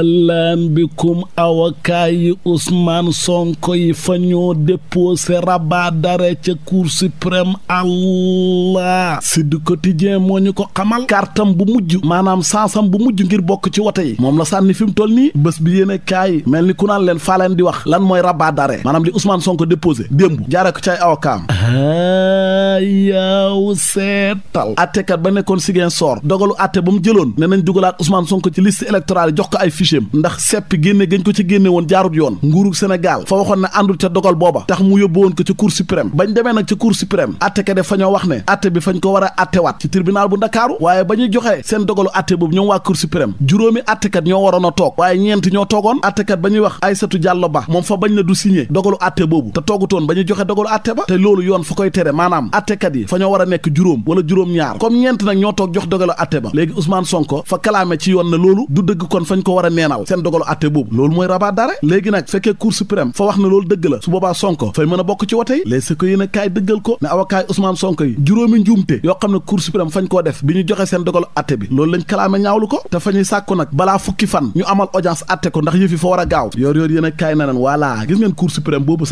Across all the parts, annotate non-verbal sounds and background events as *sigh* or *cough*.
salaam bikum avocat yi Ousmane Sonko yi fa ñoo déposé rabat d'arrêt ca cour suprême allah si du quotidien moo ñu ko xamal kartam bu mujj maanaam sansam bu mujj ngir bokk ci wote yi moom la sànni fi mu toll nii bës bi yéen a kaay mel ni ku naan leen faa di wax lan mooy rabaa d'arrêt maanaam li Ousmane Sonko déposé démb jaaree ko ci ay avocat am seetal attekat ba nekkoon Ziguinchor dogalu atte ba mu jëloon ne nañ dugalaat Ousmane Sonko ci liste électorale budget ndax sepp génne gañ ko ca génne woon jaarut yoon nguuru Sénégal fa waxoon ne àndul ca dogal booba tax mu yóbbu woon ko ca cour suprême bañ demee nag ca cour suprême atte ka def wax ne atte bi fañ ko war a attewaat ci tribunal bu Ndakaaru waaye ba ñuy joxee seen dogalu atte boobu ñoom waa cour suprême juróomi attekat ñoo waroon a toog waaye ñeent ñoo toogoon attekat ba ñuy wax Aïssatou Diallo Ba moom fa bañ na du signé dogalu atte boobu te toogutoon neenal seen dogalu atte boobu loolu mooy rabat d'arrêt léegi nag fekkee cour suprême fa wax na loolu dëgg la su boobaa Sonko fay mën a bokk ci wote yi les si ko yéen a kaay dëggal ko ne avocat Ousmane Sonko yi juróomi njuumte yoo xam ne cour suprême fañ koo def bi ñu joxe seen dogalu atte bi loolu lañ kalaame ñaawlu ko te fa sàkku nag balaa fukki fan ñu amal audience atte ko ndax yëf fa war a gaaw yoor yoor kaay na leen voilà gis ngeen cour suprême boobu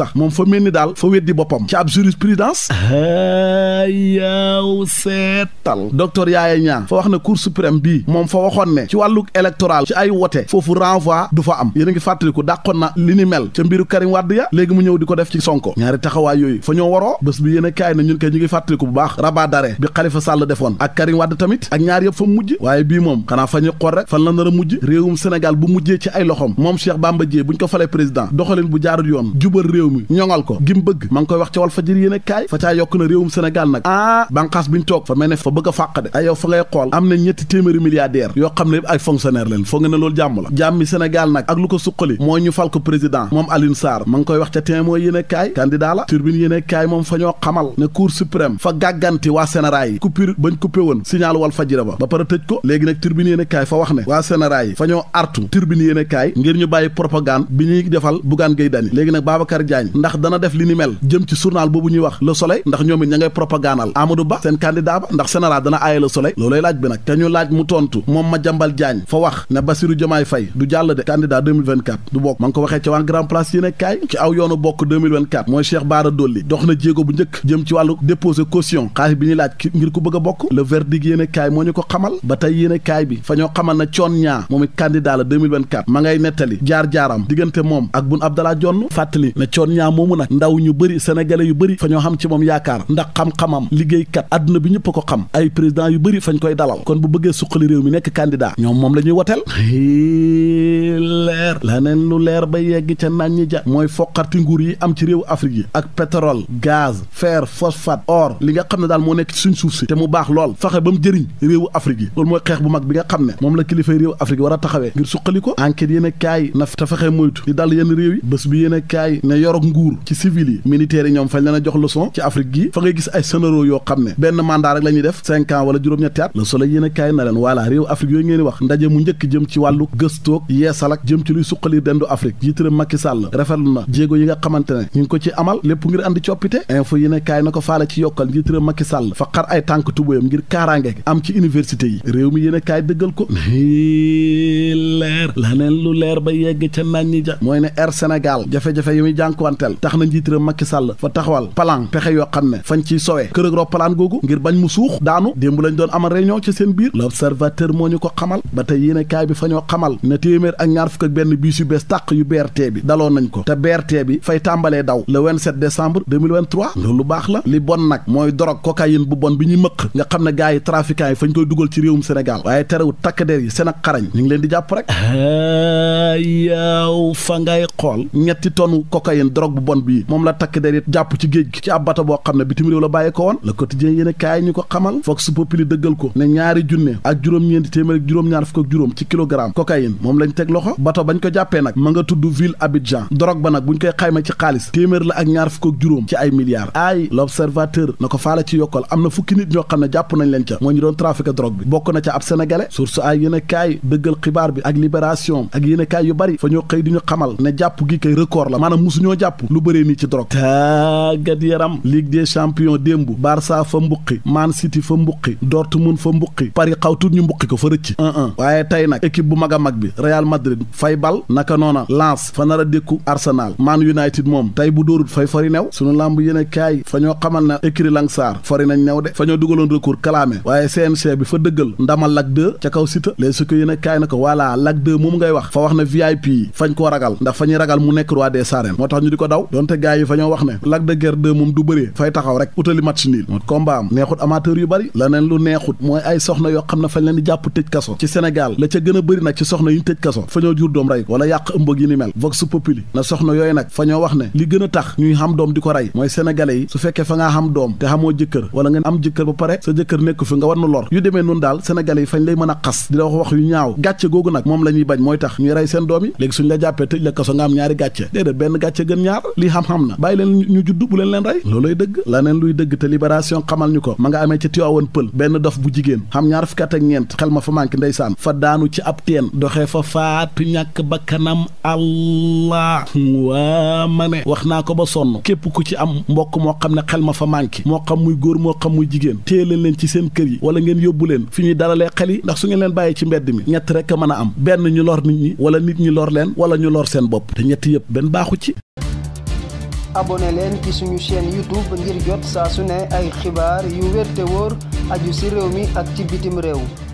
foofu renvoi du fa am yéen a ngi fàttaliku dàqoon na mu a kaay na ñun kay ñu ngi fàttaliku mujj waaye bii moom xanaa fa ñu xor rek fan la nar a mujj réewum Sénégal bu mujjee ci ay loxom moom Cheikh Bamba Dièye ko falee président doxalin bu jaarul yoon jubal réew mi ñoŋal ko gim bëgg ma koy wax ca wal fajiri yéen kaay fa caa yokk na réewum Sénégal nag ah banqaas bi toog fa mel fa bëgg a fàqade ay yow fa xool am na ñetti téeméeri milliardaire yoo xam ne ay fonctionnaire leen foo nga ne loolu jàmm la la jàmmi Sénégal nag ak lu ko suqali mooy ñu fal ko président moom Alioune Sarr ma ngi koy wax ca témoin yéen e kaay candidat la turbine yéen e kaay moom fa ñoo xamal ne cour suprême fa gàgganti waa sénéraay yi coupure bañ coupé woon signal wal fajira ba ba pare tëj ko léegi nag turbine yéen e kaay fa wax ne waa sénéraay yi fa ñoo artu turbine yéen e kaay ngir ñu bàyyi propagande bi ñuy defal Bougane Gueye léegi nag Babacar Diagne ndax dana def li ni mel jëm ci journal boobu ñuy wax Le Soleil ndax ñoom it ña ngay propagandal Amadou Ba seen candidat ba ndax sénéral dana aaye Le laaj bi nag te ñu laaj mu tontu moom Madiambal Diagne fa wax ne Bassirou Diomaye Faye du jàll de candidat 2024 du bokk ma ngi ko waxee ci waan grand place yéen kaay ci aw yoonu bokk 2024 mooy Cheikh Bara Dolly dox na jéego bu njëkk jëm ci wàllu déposer caution xaalis bi ñuy laaj ngir ku bëgg a bokk le verdict yéen kaay moo ñu ko xamal ba tey yéen kaay bi fa ñoo xamal na coon ñaa moom it la ma ngay nettali jaar-jaaram diggante moom ak Boun Abdallah Dionne fàttali ne coon ñaa moomu nag ndaw ñu bëri sénégalais yu bëri fa ñoo xam ci moom mi nekk leer laneen lu leer ba yegg ca naan ñi ja mooy foqarti nguur yi am ci réew Afrique yi ak pétrole gaz fer phosphate or li nga xam ne daal moo nekk ci suñ suuf si te mu baax lool fexe ba mu jëriñ réewu Afrique yi loolu mooy xeex bu mag bi nga xam ne moom la kilifay réew Afrique war a taxawee ngir suqali ko enquête yéen a kaay na te fexe moytu di dal yenn réew yi bés bi yéen ne yorog nguur ci civil yi militaires yi ñoom fañ leen jox leçon ci Afrique gi fa ngay gis yoo xam ne benn la ñuy def cinq ans wala a na leen voilà réew Afrique yooyu ngeen gëstoog yeesal ak jëm ci luy suqali dendu Afrique jiitëram Macky Sall rafetlu na jéego yi nga xamante ne ñu ko ci amal lépp ngir andi coppite info yi ne kaay na ko faale ci yokkal jiitëram Macky Sall fa xar ay tànk tubóyam ngir kaaraange am ci université yi réew mi yéen dëggal ko *laughs* leer la neen lu leer ba yegg ca naan ñi mooy ne Air Sénégal jafe-jafe yi muy jànkuwanteel tax na njiitëram Macky Sall fa taxawal plan pexe yoo xam ne fañ ciy sowee kërëg roppalaan googu ngir bañ mu suux daanu démb lañ doon amal réunion ci seen biir l'observateur moo ñu ko xamal ba tey yéen kaay bi ne téeméer ak ñaar fukk ak benn biis yu bees tàq yu BRT bi daloon nañ ko te BRT bi fay tàmbalee daw le 27 décembre 2023 loolu lu baax la li bon nag mooy dorog cocaïne bu bon bi ñuy mëq nga xam ne gars yi trafiquants yi fañ koy dugal ci réewum Sénégal waaye terewul takk der yi seen xarañ ñu ngi leen di jàpp rek yaaw fa ngay xool ñetti tonu cocaïne drogue bu bon bii moom la takk der yi jàpp ci géej gi ci ab bato boo xam ne bitim réew la bàyyi ko woon le quotidien yéen kaay ñu ko xamal Vox Populi ko ne ñaari junne ak juróom-ñeenti téeméer ak ñaar fukk juróom ci kilogramme cocaïne Ibrahim moom lañ teg loxo bato bañ ko jàppee nag ma nga tudd ville Abidjan dorog ba nag buñ koy xayma ci xaalis téeméer la ak ñaar fukk ak juróom ci ay milliards aay l'observateur na ko faala ci yokkal am na fukki nit ñoo xam ne jàpp nañ leen ca moo ñu doon trafiqué drogue bi bokk na ca ab sénégalais source ay yéen a kaay dëggal xibaar bi ak libération ak yéen a yu bari fa ñoo xëy di ñu xamal ne jàpp gi kay record la maanaam musuñoo jàpp lu bëree nii ci drogue tàggat yaram ligue des champions démbu Barça fa mbuqi fa mbuqi Dortmund fa mbuqi Paris xaw tuut ñu mbuqi ko fa rëcc 1-1 waaye tey nag équipe bu mag mag bi Real Madrid fay bal naka noona Lens fa nar a dékku Arsenal Man United moom tey bu dóorut fay fari new sunu làmb yéen kaay fa ñoo xamal na écrit Langsar fari nañ new de fa ñoo dugaloon recours kalaame waaye CNG bi fa dëggal ndamal Lac 2 ca kaw Siteu les su ko yéen kaay na ko voilà Lac 2 ngay wax fa wax na VIP yi fañ koo ragal ndax fa ragal mu nekk roi des arènes moo tax ñu di ko daw donte gaay yi fa ñoo wax ne Lac de Guiers 2 du bëree a soxna yi ñu tëj kaso fa ñoo jur doom rey ko yàq ëmb yi ni mel vox populi na soxna yooyu nag fa ñoo wax ne li gën a tax ñuy xam doom di ko rey mooy sénégalais yi su fekkee fa ngaa xam doom te xamoo jëkkër wala nga am jëkkër ba pare sa jëkkër nekku fi nga war na lor yu demee noonu daal sénégalais yi fañ lay mën a xas di la wax wax yu ñaaw gàcce googu nag moom la ñuy bañ mooy tax ñuy rey seen doom yi léegi suñ la jàppee tëj la kaso nga am ñaari gàcce déedéet benn gàcce gën ñaar lii xam-xam na bàyyi leen ñu judd bu luy dëgg te libération xamal ñu ko ma nga amee ca Tiwaawan pël benn dof bu jigéen xam ñaar fukki at ak ma fa manqué ndeysaan fa daanu ci ab waxee fa faatu ñàkk bakkanam allah waa ma ne wax naa ko ba sonn képp ku ci am mbokk moo xam ne xel ma fa manqué moo xam muy góor moo xam muy jigéen téye leen leen ci seen kër yi wala ngeen yóbbu leen fi ñuy dalalee xel yi ndax su ngeen leen bàyyi ci mbedd mi ñett rek a mën a am benn ñu lor nit ñi wala nit ñi lor leen wala ñu lor seen bopp te ñett yëpp benn baaxu ci abonné leen ci suñu chaîne youtube ngir jot saa su ne ay xibaar yu wér wóor aju ci réew mi ak ci bitim réew